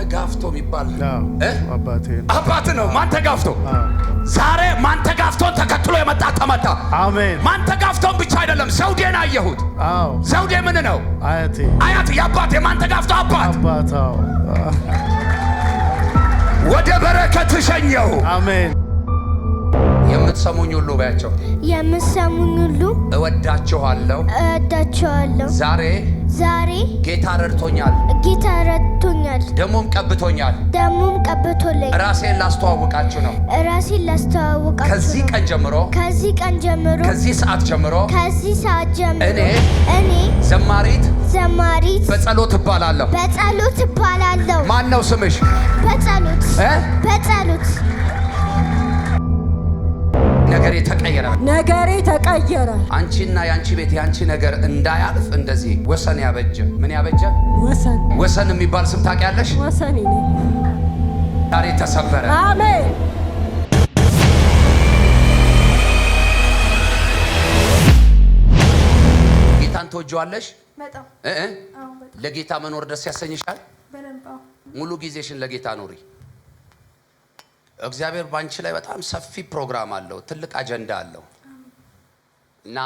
ተጋፍቶ የሚባል አባት ነው። ማን ተጋፍቶ ዛሬ ማን ተጋፍቶን ተከትሎ የመጣ ተመጣ። አሜን። ማን ተጋፍቶን ብቻ አይደለም፣ ዘውዴን አየሁት። ዘውዴ ምን ነው? አያቴ አያቴ፣ የአባት ማን ተጋፍቶ አባት ወደ በረከት ሸኘው። አሜን። የምትሰሙኝ ሁሉ በያቸው፣ የምትሰሙኝ ሁሉ እወዳችኋለሁ፣ እወዳችኋለሁ ዛሬ ዛሬ ጌታ ረድቶኛል፣ ጌታ ረድቶኛል፣ ደሞም ቀብቶኛል፣ ደሞም ቀብቶልኝ ራሴን ላስተዋውቃችሁ ነው፣ ራሴን ላስተዋውቃችሁ። ከዚህ ቀን ጀምሮ ከዚህ ቀን ጀምሮ ከዚህ ሰዓት ጀምሮ ከዚህ ሰዓት ጀምሮ እኔ እኔ ዘማሪት ዘማሪት በጸሎት እባላለሁ፣ በጸሎት እባላለሁ። ማን ነው ስምሽ? በጸሎት በጸሎት ነገሬ ተቀየረ፣ ነገሬ ተቀየረ። አንቺና የአንቺ ቤት የአንቺ ነገር እንዳያልፍ እንደዚህ ወሰን ያበጀ ምን ያበጀ ወሰን ወሰን የሚባል ስም ታውቂያለሽ? ወሰን ዛሬ ተሰበረ። አሜን። ጌታን ትወጂዋለሽ? ለጌታ መኖር ደስ ያሰኝሻል? ሙሉ ጊዜሽን ለጌታ ኖሪ። እግዚአብሔር ባንቺ ላይ በጣም ሰፊ ፕሮግራም አለው፣ ትልቅ አጀንዳ አለው እና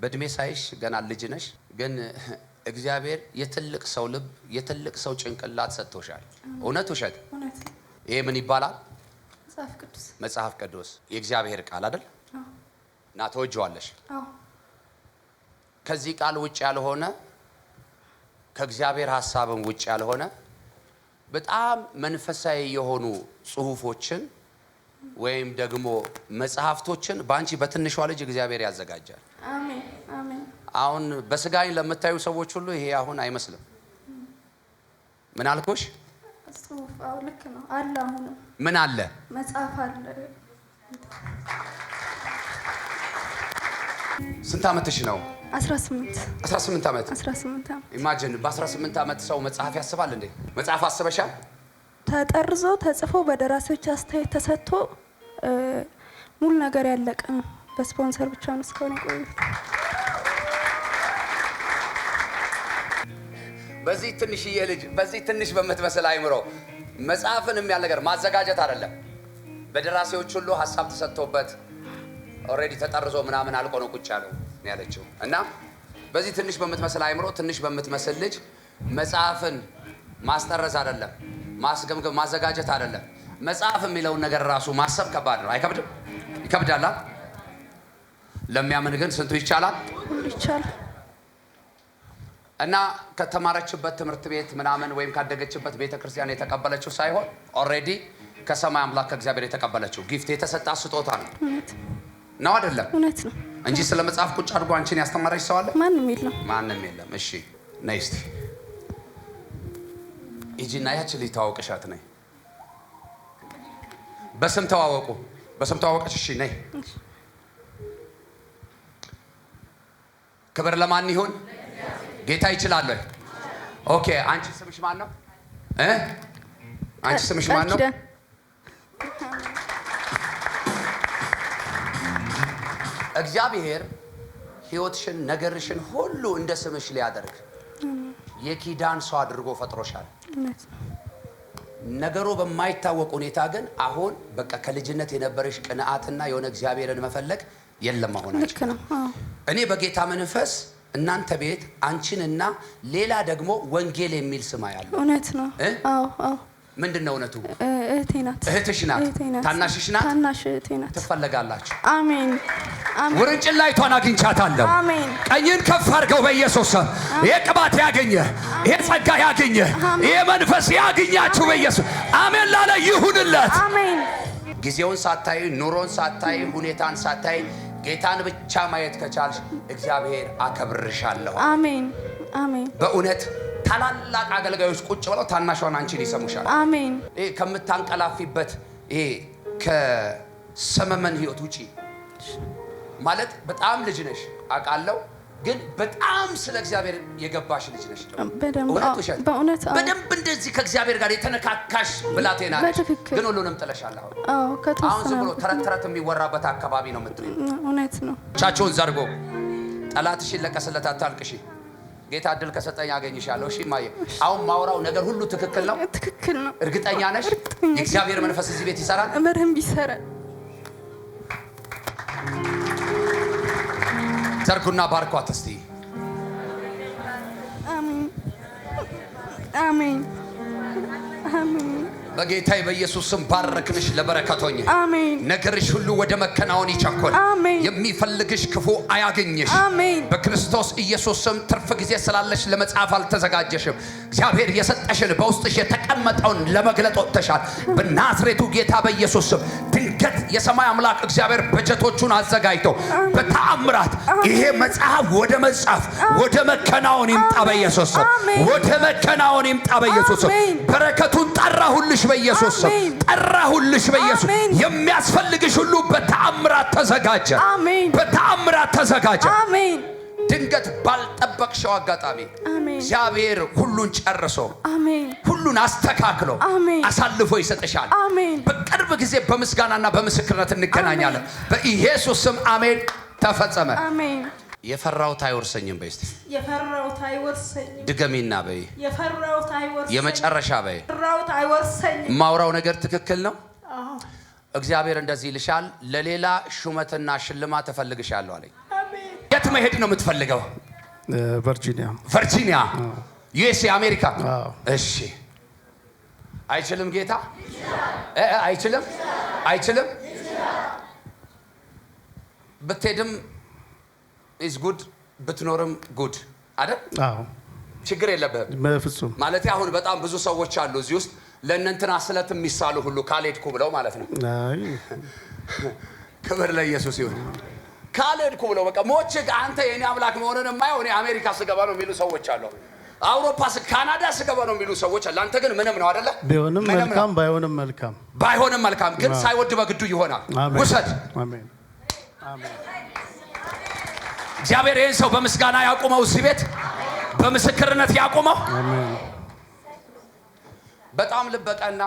በእድሜ ሳይሽ ገና ልጅ ነሽ፣ ግን እግዚአብሔር የትልቅ ሰው ልብ የትልቅ ሰው ጭንቅላት ሰጥቶሻል። እውነት ውሸት? ይሄ ምን ይባላል? መጽሐፍ ቅዱስ የእግዚአብሔር ቃል አይደል? እና ተወጅዋለሽ። ከዚህ ቃል ውጭ ያልሆነ ከእግዚአብሔር ሀሳብም ውጭ ያልሆነ በጣም መንፈሳዊ የሆኑ ጽሁፎችን ወይም ደግሞ መጽሐፍቶችን በአንቺ በትንሿ ልጅ እግዚአብሔር ያዘጋጃል። አሁን በስጋኝ ለምታዩ ሰዎች ሁሉ ይሄ አሁን አይመስልም። ምን አልኩሽ? ምን አለ? ስንት አመትሽ ነው? 18 ዓመት ኢማጂን፣ በ18 ዓመት ሰው መጽሐፍ ያስባል እንዴ? መጽሐፍ አስበሻል? ተጠርዞ ተጽፎ በደራሲዎች አስተያየት ተሰጥቶ ሙሉ ነገር ያለቀ ነው። በስፖንሰር ብቻ ነው እስካሁን የቆዩት። በዚህ ትንሽዬ ልጅ በዚህ ትንሽ በምትመስል አይምሮ መጽሐፍን የሚያል ነገር ማዘጋጀት አይደለም። በደራሲዎች ሁሉ ሀሳብ ተሰጥቶበት ኦልሬዲ ተጠርዞ ምናምን አልቆ ነው ቁጭ ያለው። ነው ያለችው። እና በዚህ ትንሽ በምትመስል አይምሮ ትንሽ በምትመስል ልጅ መጽሐፍን ማስጠረዝ አይደለም፣ ማስገምገም ማዘጋጀት አይደለም። መጽሐፍ የሚለውን ነገር ራሱ ማሰብ ከባድ ነው። አይከብድም? ይከብዳላ። ለሚያምን ግን ስንቱ ይቻላል። እና ከተማረችበት ትምህርት ቤት ምናምን ወይም ካደገችበት ቤተ ክርስቲያን የተቀበለችው ሳይሆን ኦልሬዲ ከሰማይ አምላክ ከእግዚአብሔር የተቀበለችው ጊፍት የተሰጣ ስጦታ ነው ነው አይደለም? እውነት ነው። እንጂ ስለ መጽሐፍ ቁጭ አድርጎ አንቺን ያስተማረች ሰው አለ? ማንም የለም፣ ማንም የለም። እሺ ነይ እስቲ ሂጂና ያቺ ልጅ ተዋወቅሻት። ነይ በስም ተዋወቁ፣ በስም ተዋወቀች። እሺ ነይ። ክብር ለማን ይሁን? ጌታ ይችላል። ኦኬ አንቺ ስምሽ ማን ነው? አንቺ ስምሽ ማን ነው? እግዚአብሔር ህይወትሽን ነገርሽን ሁሉ እንደ ስምሽ ሊያደርግ የኪዳን ሰው አድርጎ ፈጥሮሻል። ነገሩ በማይታወቅ ሁኔታ ግን አሁን በቃ ከልጅነት የነበረሽ ቅንዓትና የሆነ እግዚአብሔርን መፈለግ የለም። አሁናችሁ እኔ በጌታ መንፈስ እናንተ ቤት አንቺንና ሌላ ደግሞ ወንጌል የሚል ስማ ያለው እውነት ነው። ምንድን ነው እውነቱ? እህቴ ናት። እህትሽ ናት። ታናሽሽ ናት። ታናሽ እህቴ ናት። ትፈለጋላችሁ። አሜን። ውርንጭን ላይቷን አግኝቻታለሁ። አሜን። ቀኝን ከፍ አድርገው በኢየሱስ ይሄ ቅባት ያገኘ፣ ይሄ ጸጋ ያገኘ፣ ይሄ መንፈስ ያገኛችሁ በኢየሱስ አሜን። ላለ ይሁንለት። አሜን። ጊዜውን ሳታይ፣ ኑሮን ሳታይ፣ ሁኔታን ሳታይ ጌታን ብቻ ማየት ከቻልሽ እግዚአብሔር አከብርሻለሁ። አሜን። በእውነት ታላላቅ አገልጋዮች ቁጭ ብለው ታናሿን አንቺን ይሰሙሻል። አሜን። ይሄ ከምታንቀላፊበት ይሄ ከሰመመን ህይወት ውጪ ማለት በጣም ልጅ ነሽ አውቃለሁ፣ ግን በጣም ስለ እግዚአብሔር የገባሽ ልጅ ነሽ። በእውነት በደንብ እንደዚህ ከእግዚአብሔር ጋር የተነካካሽ ብላቴና ነሽ፣ ግን ሁሉንም ጥለሻል። አሁን ዝም ብሎ ተረት ተረት የሚወራበት አካባቢ ነው የምትሆኝ። እውነት ነው። እቻቸውን ዘርጎ ጠላትሽን ለቀስለት፣ አታልቅሽ ጌታ እድል ከሰጠኝ አገኝሻለሁ። እሺ ማየ፣ አሁን ማውራው ነገር ሁሉ ትክክል ነው፣ ትክክል ነው። እርግጠኛ ነሽ? የእግዚአብሔር መንፈስ እዚህ ቤት ይሰራል፣ መርህም ይሰራል። ዘርጉና ባርኳት እስቲ። አሜን፣ አሜን፣ አሜን። በጌታ በኢየሱስ ስም ባረክንሽ። ለበረከቶኝ ነገርሽ ሁሉ ወደ መከናወን አሜን። የሚፈልግሽ ክፉ አያገኝሽ። አሜን። በክርስቶስ ኢየሱስ ስም ትርፍ ጊዜ ስላለሽ ለመጻፍ አልተዘጋጀሽም። እግዚአብሔር የሰጠሽን በውስጥሽ የተቀመጠውን ለመግለጥ ወጥተሻል። በናዝሬቱ ጌታ በኢየሱስ ስም ድንገት የሰማይ አምላክ እግዚአብሔር በጀቶቹን አዘጋጅተው በተአምራት ይሄ መጽሐፍ ወደ መጽሐፍ ወደ መከናወን ይምጣ በኢየሱስ ስም፣ ወደ መከናወን ይምጣ በኢየሱስ ስም። በረከቱን ጠራሁልሽ በኢየሱስ ስም፣ ጠራሁልሽ በኢየሱስ የሚያስፈልግሽ ሁሉ በተአምራት ተዘጋጀ፣ በተአምራት ተዘጋጀ። አሜን። ድንገት ባልጠበቅሽው አጋጣሚ እግዚአብሔር ሁሉን ጨርሶ ሁሉን አስተካክሎ አሳልፎ ይሰጥሻል። በቅርብ ጊዜ በምስጋናና በምስክርነት እንገናኛለን። በኢየሱስ ስም አሜን። ተፈጸመ። የፈራሁት አይወርሰኝም በይ። እስቲ የፈራሁት አይወርሰኝም። ድገሚና በይ። የፈራሁት አይወርሰኝም። የመጨረሻ በይ። የፈራሁት አይወርሰኝም። ማውራው ነገር ትክክል ነው። እግዚአብሔር እንደዚህ ይልሻል። ለሌላ ሹመትና ሽልማት እፈልግሻለሁ አለኝ። የት መሄድ ነው የምትፈልገው? ቨርጂኒያ። ቨርጂኒያ ዩኤስ አሜሪካ። እሺ። አይችልም ጌታ አይችልም አይችልም። ብትሄድም ኢዝ ጉድ ብትኖርም ጉድ አይደል? ችግር የለብህም። ፍጹም ማለት አሁን በጣም ብዙ ሰዎች አሉ እዚህ ውስጥ ለእነንትና ስለት የሚሳሉ ሁሉ ካልሄድኩ ብለው ማለት ነው። ክብር ለኢየሱስ ይሁን። ካልሄድኩ ብለው በቃ ሞቼ አንተ የኔ አምላክ መሆንን የማየው እኔ አሜሪካ ስገባ ነው የሚሉ ሰዎች አሉ። አውሮፓ ካናዳ ስገባ ነው የሚሉ ሰዎች አሉ። አንተ ግን ምንም ነው አይደለ? ቢሆንም መልካም ባይሆንም መልካም ባይሆንም መልካም ግን ሳይወድ በግዱ ይሆናል። ውሰድ። እግዚአብሔር ይህን ሰው በምስጋና ያቁመው፣ እዚህ ቤት በምስክርነት ያቁመው። በጣም ልበቀና፣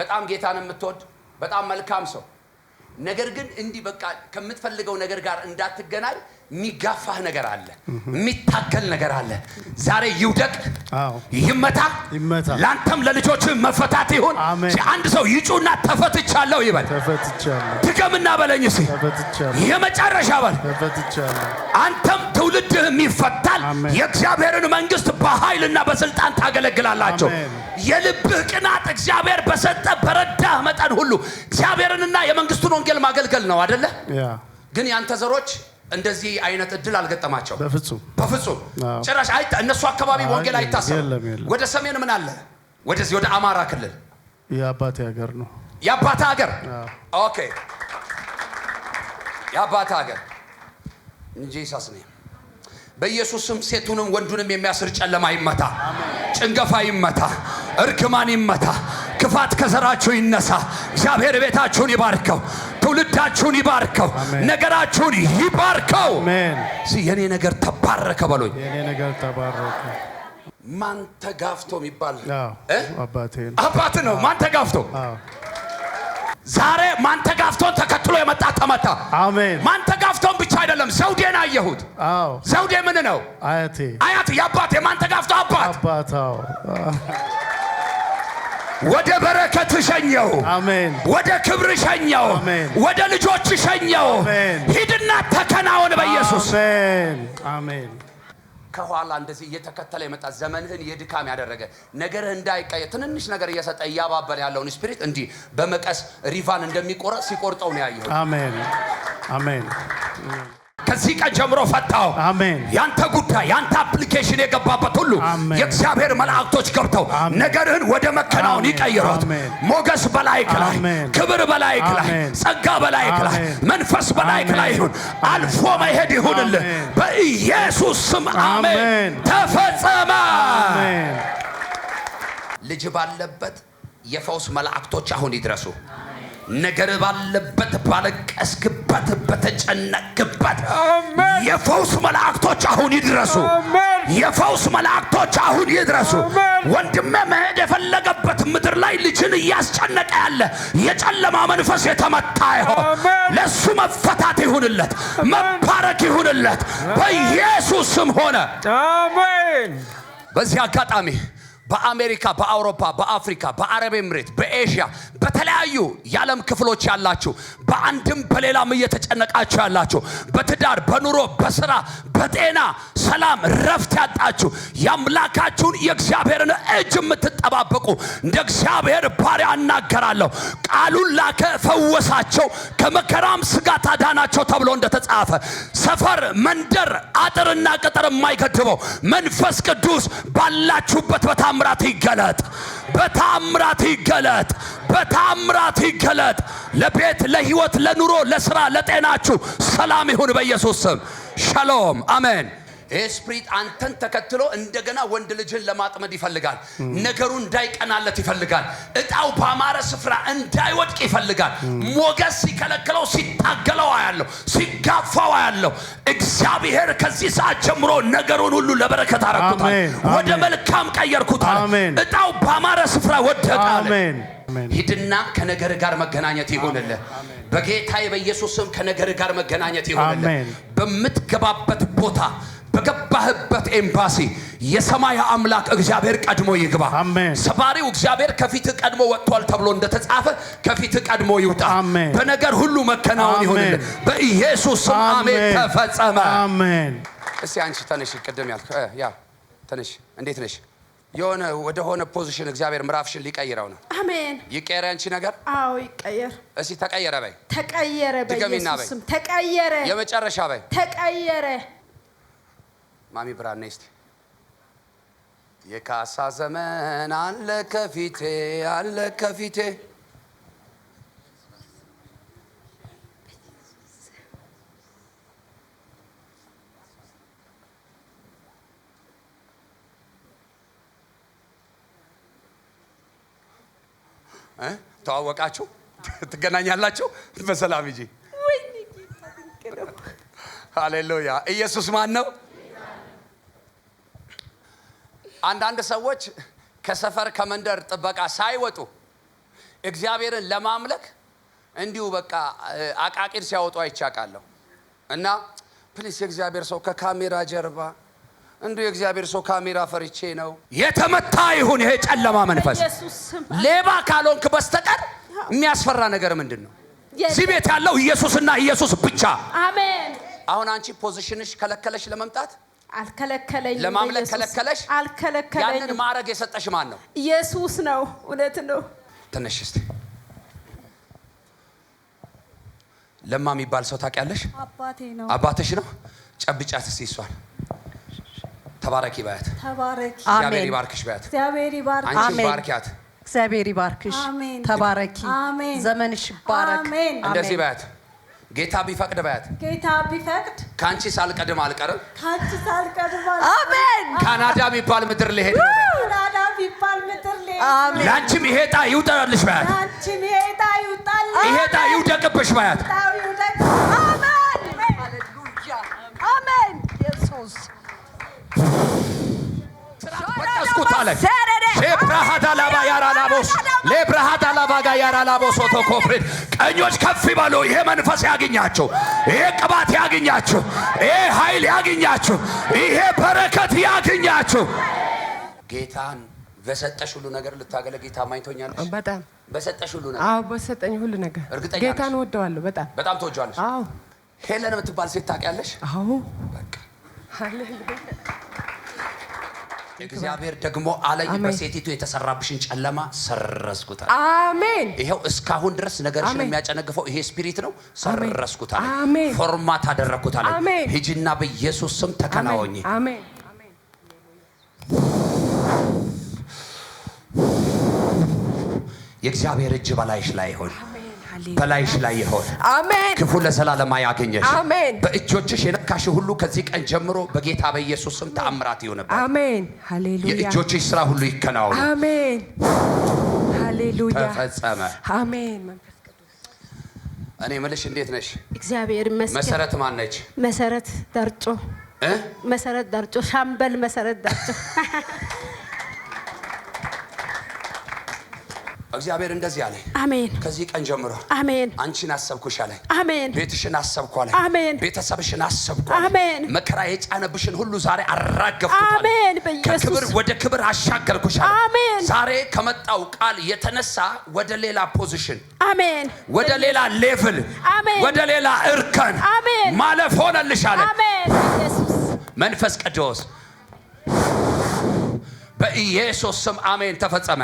በጣም ጌታን የምትወድ በጣም መልካም ሰው ነገር ግን እንዲህ በቃ ከምትፈልገው ነገር ጋር እንዳትገናኝ የሚጋፋህ ነገር አለ፣ የሚታገል ነገር አለ። ዛሬ ይውደቅ፣ ይመታ፣ ለአንተም ለልጆች መፈታት ይሁን። አንድ ሰው ይጩና ተፈትቻለሁ ይበል። ድገምና በለኝ ሲ የመጨረሻ በል። አንተም ትውልድህም ይፈታል። የእግዚአብሔርን መንግስት በኃይልና በስልጣን ታገለግላላቸው። የልብህ ቅናት እግዚአብሔር በሰጠ በረዳህ መጠን ሁሉ እግዚአብሔርንና የመንግስቱን ወንጌል ማገልገል ነው አደለ? ግን ያንተ ዘሮች እንደዚህ አይነት እድል አልገጠማቸው። በፍጹም በፍጹም ጭራሽ እነሱ አካባቢ ወንጌል አይታሰብ ወደ ሰሜን ምን አለ? ወደዚህ ወደ አማራ ክልል የአባቴ ሀገር ነው። የአባቴ ሀገር ኦኬ፣ የአባቴ ሀገር እንጂ በኢየሱስም ሴቱንም ወንዱንም የሚያስር ጨለማ ይመታ፣ ጭንገፋ ይመታ። እርግማን ይመታ፣ ክፋት ከሰራችሁ ይነሳ። እግዚአብሔር ቤታችሁን ይባርከው፣ ትውልዳችሁን ይባርከው፣ ነገራችሁን ይባርከው። የኔ ነገር ተባረከ በሎኝ። ማን ተጋፍቶ የሚባል አባት ነው። ማን ተጋፍቶ ዛሬ ማን ተጋፍቶን ተከትሎ የመጣ ተመታ። አሜን። ማን ተጋፍቶን ብቻ አይደለም፣ ዘውዴን አየሁት። ዘውዴ ምን ነው? አያቴ፣ አያቴ፣ የአባቴ ማን ተጋፍቶ አባት፣ አባት። ወደ በረከት ሸኘው፣ ወደ ክብር ሸኘው፣ ወደ ልጆች ሸኘው። ሂድና ተከናወን በኢየሱስ አሜን። ከኋላ እንደዚህ እየተከተለ የመጣ ዘመንህን የድካም ያደረገ ነገርህ እንዳይቀየር ትንንሽ ነገር እየሰጠ እያባበለ ያለውን ስፒሪት እንዲህ በመቀስ ሪቫን እንደሚቆረጥ ሲቆርጠው ነው ያየሁት። አሜን አሜን። ከዚህ ቀን ጀምሮ ፈታው። አሜን። ያንተ ጉዳይ ያንተ አፕሊኬሽን የገባበት ሁሉ የእግዚአብሔር መላእክቶች ገብተው ነገርህን ወደ መከናወን ይቀይሩት። ሞገስ በላይ ላይ፣ ክብር በላይ ላይ፣ ጸጋ በላይክ ላይ፣ መንፈስ በላይክ ላይ ይሁን። አልፎ መሄድ ይሁንልህ በኢየሱስ ስም አሜን። ተፈጸመ። ልጅ ባለበት የፈውስ መላእክቶች አሁን ይድረሱ። ነገር ባለበት ባለቀስክበት በተጨነቅበት የፈውስ መላእክቶች አሁን ይድረሱ። የፈውስ መላእክቶች አሁን ይድረሱ። ወንድሜ መሄድ የፈለገበት ምድር ላይ ልጅን እያስጨነቀ ያለ የጨለማ መንፈስ የተመታ ይሆን ለእሱ መፈታት ይሁንለት፣ መባረክ ይሁንለት በኢየሱስ ስም ሆነ። በዚህ አጋጣሚ በአሜሪካ፣ በአውሮፓ፣ በአፍሪካ፣ በአረብ ኤምሬት፣ በኤዥያ፣ በተለያዩ የዓለም ክፍሎች ያላችሁ በአንድም በሌላም እየተጨነቃችሁ ያላችሁ በትዳር፣ በኑሮ፣ በስራ፣ በጤና፣ ሰላም፣ ረፍት ያጣችሁ የአምላካችሁን የእግዚአብሔርን እጅ የምትጠባበቁ እንደ እግዚአብሔር ባሪያ እናገራለሁ። ቃሉን ላከ ፈወሳቸው፣ ከመከራም ስጋት አዳናቸው ተብሎ እንደተጻፈ ሰፈር፣ መንደር፣ አጥርና ቅጥር የማይገድበው መንፈስ ቅዱስ ባላችሁበት በታም በታምራት ይገለጥ፣ በታምራት ይገለጥ፣ በታምራት ይገለጥ። ለቤት ለህይወት፣ ለኑሮ፣ ለስራ፣ ለጤናችሁ ሰላም ይሁን በኢየሱስ ስም። ሻሎም አሜን። ይህ ስፕሪት አንተን ተከትሎ እንደገና ወንድ ልጅን ለማጥመድ ይፈልጋል። ነገሩ እንዳይቀናለት ይፈልጋል። እጣው ባማረ ስፍራ እንዳይወድቅ ይፈልጋል። ሞገስ ሲከለክለው፣ ሲታገለው አያለሁ፣ ሲጋፋው አያለሁ። እግዚአብሔር ከዚህ ሰዓት ጀምሮ ነገሩን ሁሉ ለበረከት አረኩታል፣ ወደ መልካም ቀየርኩታል። እጣው ባማረ ስፍራ ወደቃለ። ሂድና ከነገር ጋር መገናኘት ይሆንልህ። በጌታ በኢየሱስም ስም ከነገር ጋር መገናኘት ይሆንልህ። በምትገባበት ቦታ በገባህበት ኤምባሲ የሰማይ አምላክ እግዚአብሔር ቀድሞ ይግባ። ሰባሪው እግዚአብሔር ከፊት ቀድሞ ወጥቷል ተብሎ እንደተጻፈ ከፊት ቀድሞ ይውጣ። በነገር ሁሉ መከናወን ይሁንል። በኢየሱስ ስም አሜን። ተፈጸመ። አሜን። እስቲ አንቺ ተነሽ፣ ቅድም ያልክ ያ ተነሽ። እንዴት ነሽ? የሆነ ወደ ሆነ ፖዚሽን እግዚአብሔር ምዕራፍሽን ሊቀይረው ነው። አሜን። ይቀየር አንቺ ነገር። አዎ ይቀየር። እሺ ተቀየረ በይ። ተቀየረ በኢየሱስ ስም ተቀየረ። የመጨረሻ በይ። ተቀየረ ማሚ ብራና ይስቲ የካሳ ዘመን አለ ከፊቴ አለ ከፊቴ ተዋወቃችሁ፣ ትገናኛላችሁ በሰላም እንጂ። ሃሌሉያ! ኢየሱስ ማን ነው? አንዳንድ ሰዎች ከሰፈር ከመንደር ጥበቃ ሳይወጡ እግዚአብሔርን ለማምለክ እንዲሁ በቃ አቃቂር ሲያወጡ አይቻቃለሁ። እና ፕሊስ የእግዚአብሔር ሰው ከካሜራ ጀርባ እንዲሁ የእግዚአብሔር ሰው ካሜራ ፈርቼ ነው። የተመታ ይሁን ይሄ ጨለማ መንፈስ። ሌባ ካልሆንክ በስተቀር የሚያስፈራ ነገር ምንድን ነው? እዚህ ቤት ያለው ኢየሱስና ኢየሱስ ብቻ። አሜን። አሁን አንቺ ፖዚሽንሽ ከለከለሽ ለመምጣት አልከለከለኝ ለማምለክ ከለከለሽ? አልከለከለኝ። ያንን ማዕረግ የሰጠሽ ማን ነው? ኢየሱስ ነው። እውነት ነው። ትንሽ እስቲ ለማ የሚባል ሰው ታውቂያለሽ? አባትሽ ነው። ጨብጫት እስቲ እሷን ተባረኪ እግዚአብሔር ይባርክሽ አንቺ ባርኪያት። እግዚአብሔር ይባርክሽ። ተባረኪ። ዘመንሽ ይባረክ። እንደዚህ ጌታ ቢፈቅድ ጌታ ቢፈቅድ ከአንቺ ሳልቀድም አልቀርም። ከአንቺ አሜን። ካናዳ የሚባል ምድር ልሄድ ነው። ካናዳ ምድር አሜን። ይሄ ዕጣ ይውጣልሽ ባያት፣ ይሄ ዕጣ ይውጣልሽ፣ ይውደቅብሽ ባያት። አሜን ኢየሱስ ሌብራሃዳ ላባ ያራ ላቦስ ሌብራሃዳ ላባ ጋ ያራ ላቦስ ኦቶ ኮፍሬት ቀኞች ከፍ ይበሉ። ይሄ መንፈስ ያግኛችሁ፣ ይሄ ቅባት ያግኛችሁ፣ ይሄ ኃይል ያግኛችሁ፣ ይሄ በረከት ያግኛችሁ። ጌታን በሰጠሽ ሁሉ ነገር ልታገለግይ ታማኝቶኛለሽ። በጣም በሰጠሽ ሁሉ ነገር። አዎ በሰጠኝ ሁሉ ነገር ጌታን ወደዋለሁ። በጣም በጣም ተወጇለሽ። አዎ ሄለን የምትባል ሴት ታውቂያለሽ? አዎ በቃ ሃሌሉያ እግዚአብሔር ደግሞ አለኝ በሴቲቱ የተሰራብሽን ጨለማ ሰረዝኩታል። አሜን። ይሄው እስካሁን ድረስ ነገርሽን የሚያጨነግፈው ይሄ ስፒሪት ነው። ሰረዝኩታል። አሜን። ፎርማት አደረግኩታል። አሜን። ሂጂና በኢየሱስ ስም ተከናወኝ። አሜን። የእግዚአብሔር እጅ በላይሽ ላይ ይሆን። በላይሽ ላይ ይሆን። አሜን። ክፉ ለዘላለም አያገኘሽ። አሜን። በእጆችሽ የነካሽ ሁሉ ከዚህ ቀን ጀምሮ በጌታ በኢየሱስ ስም ተአምራት ይሆንበት። አሜን። ሃሌሉያ። የእጆችሽ ስራ ሁሉ ይከናወን። አሜን። ሃሌሉያ። ተፈጸመ። አሜን። እኔ ምልሽ እንዴት ነሽ? እግዚአብሔር ይመስገን። መሰረት ማን ነች? መሰረት ዳርጮ መሰረት ዳርጮ ሻምበል መሰረት ዳርጮ እግዚአብሔር እንደዚህ አለ። አሜን። ከዚህ ቀን ጀምሮ አሜን። አንቺን አሰብኩሽ አለ። አሜን። ቤትሽን አሰብኩ አለ። አሜን። ቤተሰብሽን አሰብኩ አለ። አሜን። መከራ የጫነብሽን ሁሉ ዛሬ አራገፍኩት አሜን። ከክብር ወደ ክብር አሻገርኩሽ አለ። አሜን። ዛሬ ከመጣው ቃል የተነሳ ወደ ሌላ ፖዚሽን፣ አሜን፣ ወደ ሌላ ሌቭል፣ አሜን፣ ወደ ሌላ እርከን፣ አሜን፣ ማለፍ ሆነልሽ አለ። አሜን። መንፈስ ቅዱስ በኢየሱስ ስም አሜን። ተፈጸመ።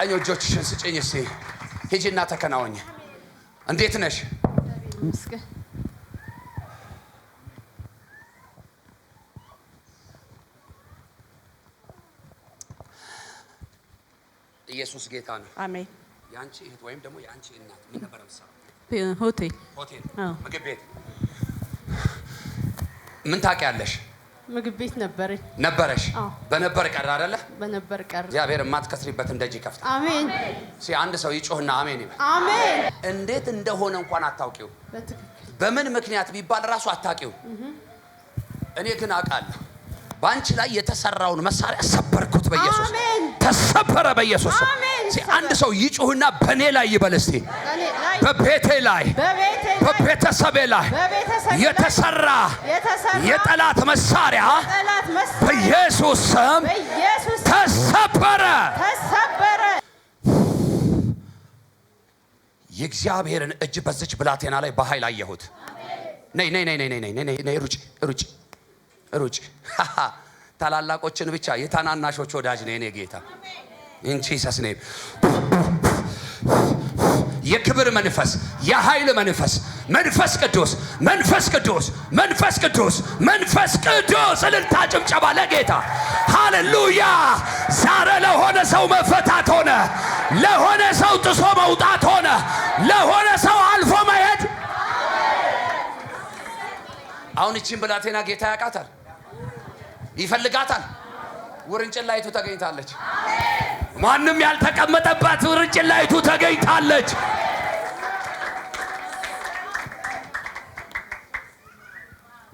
ቀኝ እጆችሽን ስጭኝ እስቲ። ሂጂና ተከናወኝ። እንዴት ነሽ? ኢየሱስ ጌታ ነው። አሜን። የአንቺ እህት ወይም ደግሞ የአንቺ እናት ምን ነበር ሆቴል ሆቴል፣ ምግብ ቤት ምን ታውቂያለሽ? ምግብ ቤት ነበረኝ። ነበረሽ? በነበር ቀረ አይደለ? በነበር ቀረ። እግዚአብሔር የማትከስሪበትን ደጅ ይከፍታል። አሜን። ሲ አንድ ሰው ይጮህና አሜን ይበል። አሜን። እንዴት እንደሆነ እንኳን አታውቂው። በምን ምክንያት ቢባል ራሱ አታውቂው። እኔ ግን አውቃለሁ። በአንቺ ላይ የተሰራውን መሳሪያ ሰበርኩት በኢየሱስ ተሰበረ። በኢየሱስ አንድ ሰው ይጩህና በእኔ ላይ ይበል እስቲ በቤቴ ላይ በቤተሰቤ ላይ የተሰራ የጠላት መሳሪያ በኢየሱስ ስም ተሰበረ። የእግዚአብሔርን እጅ በዚች ብላቴና ላይ በኃይል አየሁት። ነይ ነይ ነይ ነይ ነይ፣ ሩጭ ሩጭ ሩጭ። ታላላቆችን ብቻ የታናናሾች ወዳጅ ነው የኔ ጌታ ኢን ጂሰስ ኔም የክብር መንፈስ፣ የኃይል መንፈስ፣ መንፈስ ቅዱስ፣ መንፈስ ቅዱስ፣ መንፈስ ቅዱስ፣ መንፈስ ቅዱስ። እልልታ ጭምጨባ ለጌታ ሃሌሉያ። ዛሬ ለሆነ ሰው መፈታት ሆነ፣ ለሆነ ሰው ጥሶ መውጣት ሆነ፣ ለሆነ ሰው አልፎ መሄድ። አሁን እቺን ብላቴና ጌታ ያውቃታል፣ ይፈልጋታል። ውርንጭላይቱ ተገኝታለች። ማንም ያልተቀመጠባት ውርንጭላይቱ ተገኝታለች።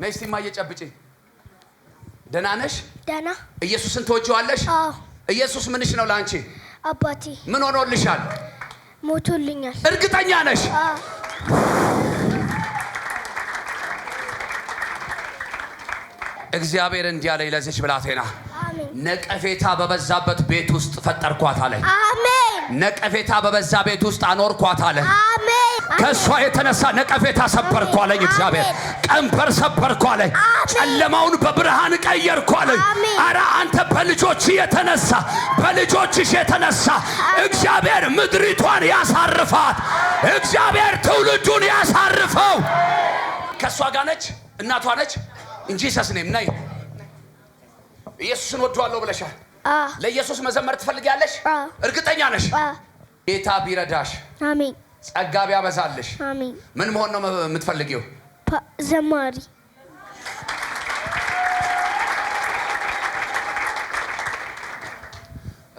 ነይ እስቲ እማዬ ጨብጭኝ። ደህና ነሽ? ደህና። ኢየሱስን ትወጂዋለሽ? አዎ። ኢየሱስ ምንሽ ነው ለአንቺ? አባቴ። ምን ሆኖልሻል? ሞቶልኛል። እርግጠኛ ነሽ? አዎ። እግዚአብሔር እንዲህ አለኝ ለዚች ብላቴና ነቀፌታ በበዛበት ቤት ውስጥ ፈጠርኳት አለ። ነቀፌታ በበዛ ቤት ውስጥ አኖርኳት አለ። ከእሷ የተነሳ ነቀፌታ ሰበርኩ አለኝ። እግዚአብሔር ቀንበር ሰበርኩ አለኝ። ጨለማውን በብርሃን ቀየርኩ አለኝ። አረ አንተ በልጆች የተነሳ በልጆችሽ የተነሳ እግዚአብሔር ምድሪቷን ያሳርፋት። እግዚአብሔር ትውልዱን ያሳርፈው። ከእሷ ጋር ነች፣ እናቷ ነች እንጂ ሰስኔም ነይ ኢየሱስን ወደዋለሁ ብለሻል። ለኢየሱስ መዘመር ትፈልጊያለሽ? እርግጠኛ ነሽ? ጌታ ቢረዳሽ፣ አሜን። ጸጋ ቢያበዛልሽ፣ አሜን። ምን መሆን ነው የምትፈልጊው? ዘማሪ።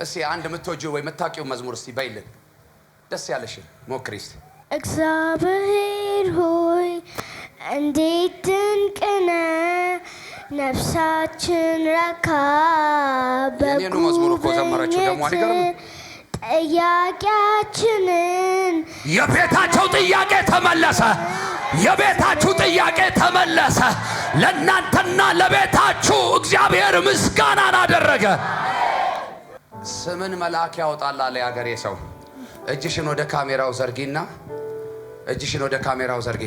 እስቲ አንድ የምትወጂው ወይ የምታውቂው መዝሙር እስቲ በይልን፣ ደስ ያለሽ ሞክሪ እስቲ። እግዚአብሔር ሆይ እንዴት ድንቅ ነህ ነፍሳችን ረካ በኔኑ ጥያቄያችንን የቤታቸው ጥያቄ ተመለሰ። የቤታችሁ ጥያቄ ተመለሰ። ለእናንተና ለቤታችሁ እግዚአብሔር ምስጋናን አደረገ። ስምን መልአክ ያወጣል አለ የአገሬ ሰው። እጅሽን ወደ ካሜራው ዘርጊና፣ እጅሽን ወደ ካሜራው ዘርጊ።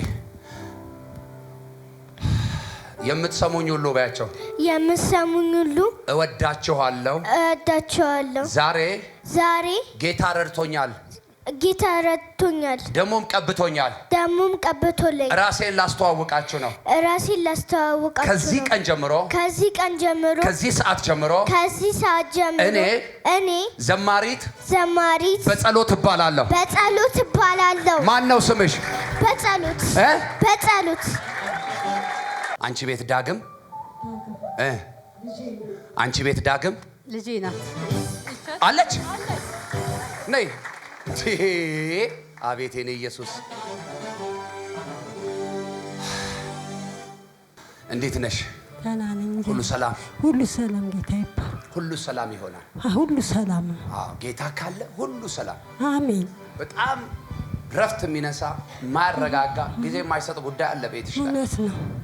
የምትሰሙኝ ሁሉ ባያቸው የምትሰሙኝ ሁሉ እወዳችኋለሁ እወዳችኋለሁ። ዛሬ ዛሬ ጌታ ረድቶኛል ጌታ ረድቶኛል፣ ደሞም ቀብቶኛል፣ ደሞም ቀብቶልኝ ራሴን ላስተዋውቃችሁ ነው። ራሴን ላስተዋውቃችሁ ከዚህ ቀን ጀምሮ ከዚህ ቀን ጀምሮ ከዚህ ሰዓት ጀምሮ ከዚህ ሰዓት ጀምሮ እኔ እኔ ዘማሪት ዘማሪት በጸሎት እባላለሁ በጸሎት እባላለሁ። ማን ነው ስምሽ? በጸሎት በጸሎት አንቺ ቤት ዳግም አንቺ ቤት ዳግም ልጄ ናት አለች። ነይ አቤት የኔ ኢየሱስ እንዴት ነሽ? ደህና ነኝ። ሁሉ ሰላም፣ ሁሉ ሰላም። ጌታ ይባል። ሁሉ ሰላም ይሆናል። ሁሉ ሰላም። ጌታ ካለ ሁሉ ሰላም። አሜን። በጣም ረፍት የሚነሳ የማያረጋጋ ጊዜ የማይሰጥ ጉዳይ አለ። ቤትሽ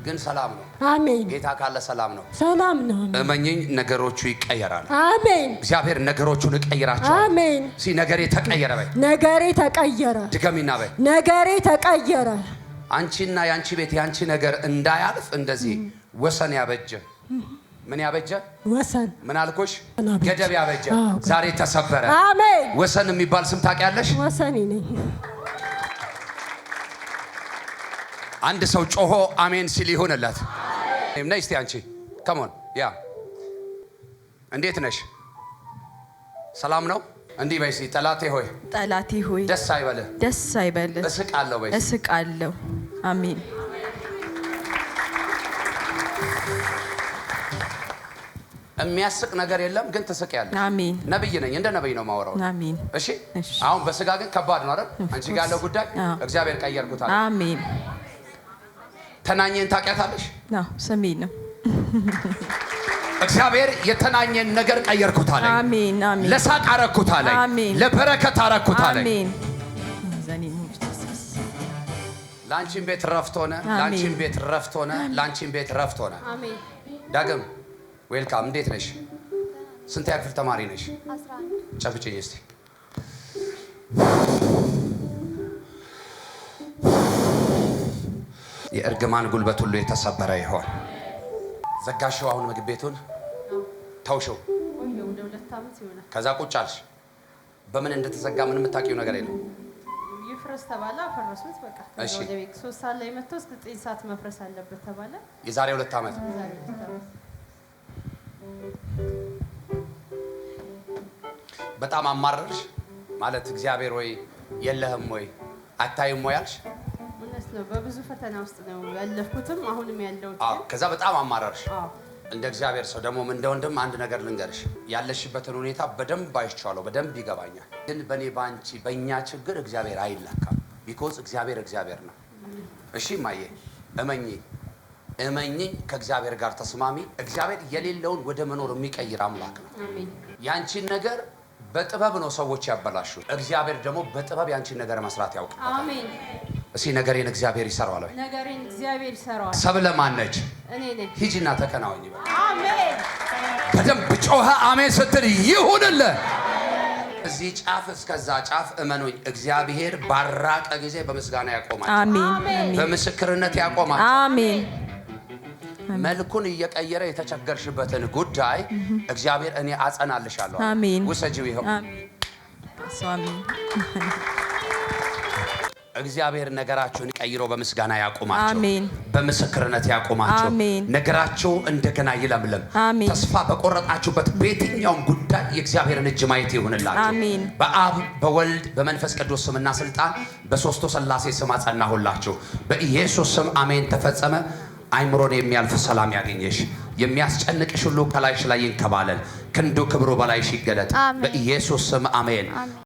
ግን ሰላም ነው። አሜን። ጌታ ካለ ሰላም ነው። ሰላም ነው። እመኝኝ፣ ነገሮቹ ይቀየራል። አሜን። እግዚአብሔር ነገሮቹን እቀይራቸዋል። አሜን። እስኪ ነገሬ ተቀየረ በይ። ነገሬ ተቀየረ። ድገሚና በይ። ነገሬ ተቀየረ። አንቺና የአንቺ ቤት የአንቺ ነገር እንዳያልፍ እንደዚህ ወሰን ያበጀ ምን ያበጀ ወሰን? ምን አልኩሽ? ገደብ ያበጀ ዛሬ ተሰበረ። አሜን። ወሰን የሚባል ስም ታውቂያለሽ? ወሰን ነኝ አንድ ሰው ጮሆ አሜን ሲል ይሆንላት። ነይ እስቲ አንቺ ከሞን ያ እንዴት ነሽ? ሰላም ነው? እንዲህ በይ እስቲ ጠላቴ ሆይ ጠላቴ ሆይ ደስ አይበልህ ደስ አይበልህ፣ እስቃለሁ በይ እስቃለሁ። አሜን። የሚያስቅ ነገር የለም፣ ግን ትስቂያለሽ። አሜን። ነብይ ነኝ፣ እንደ ነብይ ነው ማወራው። አሜን። እሺ፣ አሁን በስጋ ግን ከባድ ነው አይደል? አንቺ ጋር ያለው ጉዳይ እግዚአብሔር ቀየርኩታል። አሜን። ተናኘን ታውቂያታለሽ? ሰሜን ነው። እግዚአብሔር የተናኘን ነገር ቀየርኩት አለኝ። ለሳቅ አረኩት ለበረከት አረኩት ላንቺን ቤት ረፍት ሆነ። ላንቺን ቤት ረፍት ሆነ። ላንቺን ቤት ረፍት ሆነ። ዳግም ዌልካም። እንዴት ነሽ? ስንት ያክፍል ተማሪ ነሽ? ጨብጭኝ እስቲ የእርግማን ጉልበት ሁሉ የተሰበረ ይሆን። ዘጋሽው አሁን ምግብ ቤቱን ተውሽው። ከዛ ቁጭ አልሽ። በምን እንደተዘጋ ምን የምታውቂው ነገር የለም። ይፍረስ ተባለ፣ አፈረሱት። በቃ ሶስት ሰዓት ላይ መጥቶ እስከ ዘጠኝ ሰዓት መፍረስ አለበት ተባለ። የዛሬ ሁለት ዓመት በጣም አማረርሽ ማለት እግዚአብሔር ወይ የለህም ወይ አታይም ወይ አልሽ ነው። በብዙ ፈተና ውስጥ ነው ያለፍኩትም አሁንም ከዛ በጣም አማራርሽ እንደ እግዚአብሔር ሰው ደግሞ እንደ ወንድም አንድ ነገር ልንገርሽ፣ ያለሽበትን ሁኔታ በደንብ አይቼዋለሁ፣ በደንብ ይገባኛል። ግን በእኔ በአንቺ በእኛ ችግር እግዚአብሔር አይለካም። ቢኮዝ እግዚአብሔር እግዚአብሔር ነው። እሺ ማየ እመኝ እመኝኝ፣ ከእግዚአብሔር ጋር ተስማሚ። እግዚአብሔር የሌለውን ወደ መኖር የሚቀይር አምላክ ነው። ያንቺን ነገር በጥበብ ነው ሰዎች ያበላሹ። እግዚአብሔር ደግሞ በጥበብ ያንቺን ነገር መስራት ያውቅ። አሜን። እስኪ ነገሬን እግዚአብሔር ይሰራዋል። ነገሬን እግዚአብሔር ይሰራዋል። ሰብለ ማነች? እኔ ነኝ። ሂጂና ተከናወኝ። አሜን። በደንብ ጮኸ አሜን ስትል ይሁንልህ። እዚህ ጫፍ እስከዛ ጫፍ እመኑኝ፣ እግዚአብሔር ባራቀ ጊዜ በምስጋና ያቆማል። አሜን። በምስክርነት ያቆማል። አሜን። መልኩን እየቀየረ የተቸገርሽበትን ጉዳይ እግዚአብሔር እኔ አጸናልሻለሁ። አሜን። ውሰጂው ይኸው እግዚአብሔር ነገራቸውን ቀይሮ በምስጋና ያቆማቸው፣ በምስክርነት ያቆማቸው። ነገራቸው እንደገና ይለምለም። ተስፋ በቆረጣችሁበት በየትኛውም ጉዳይ የእግዚአብሔርን እጅ ማየት ይሁንላችሁ። በአብ በወልድ በመንፈስ ቅዱስ ስምና ስልጣን በሶስቱ ሥላሴ ስም አጸናሁላችሁ። በኢየሱስ ስም አሜን። ተፈጸመ። አይምሮን የሚያልፍ ሰላም ያገኘሽ። የሚያስጨንቅሽ ሁሉ ከላይሽ ላይ ይንከባለል። ክንዱ ክብሩ በላይሽ ይገለጥ። በኢየሱስ ስም አሜን።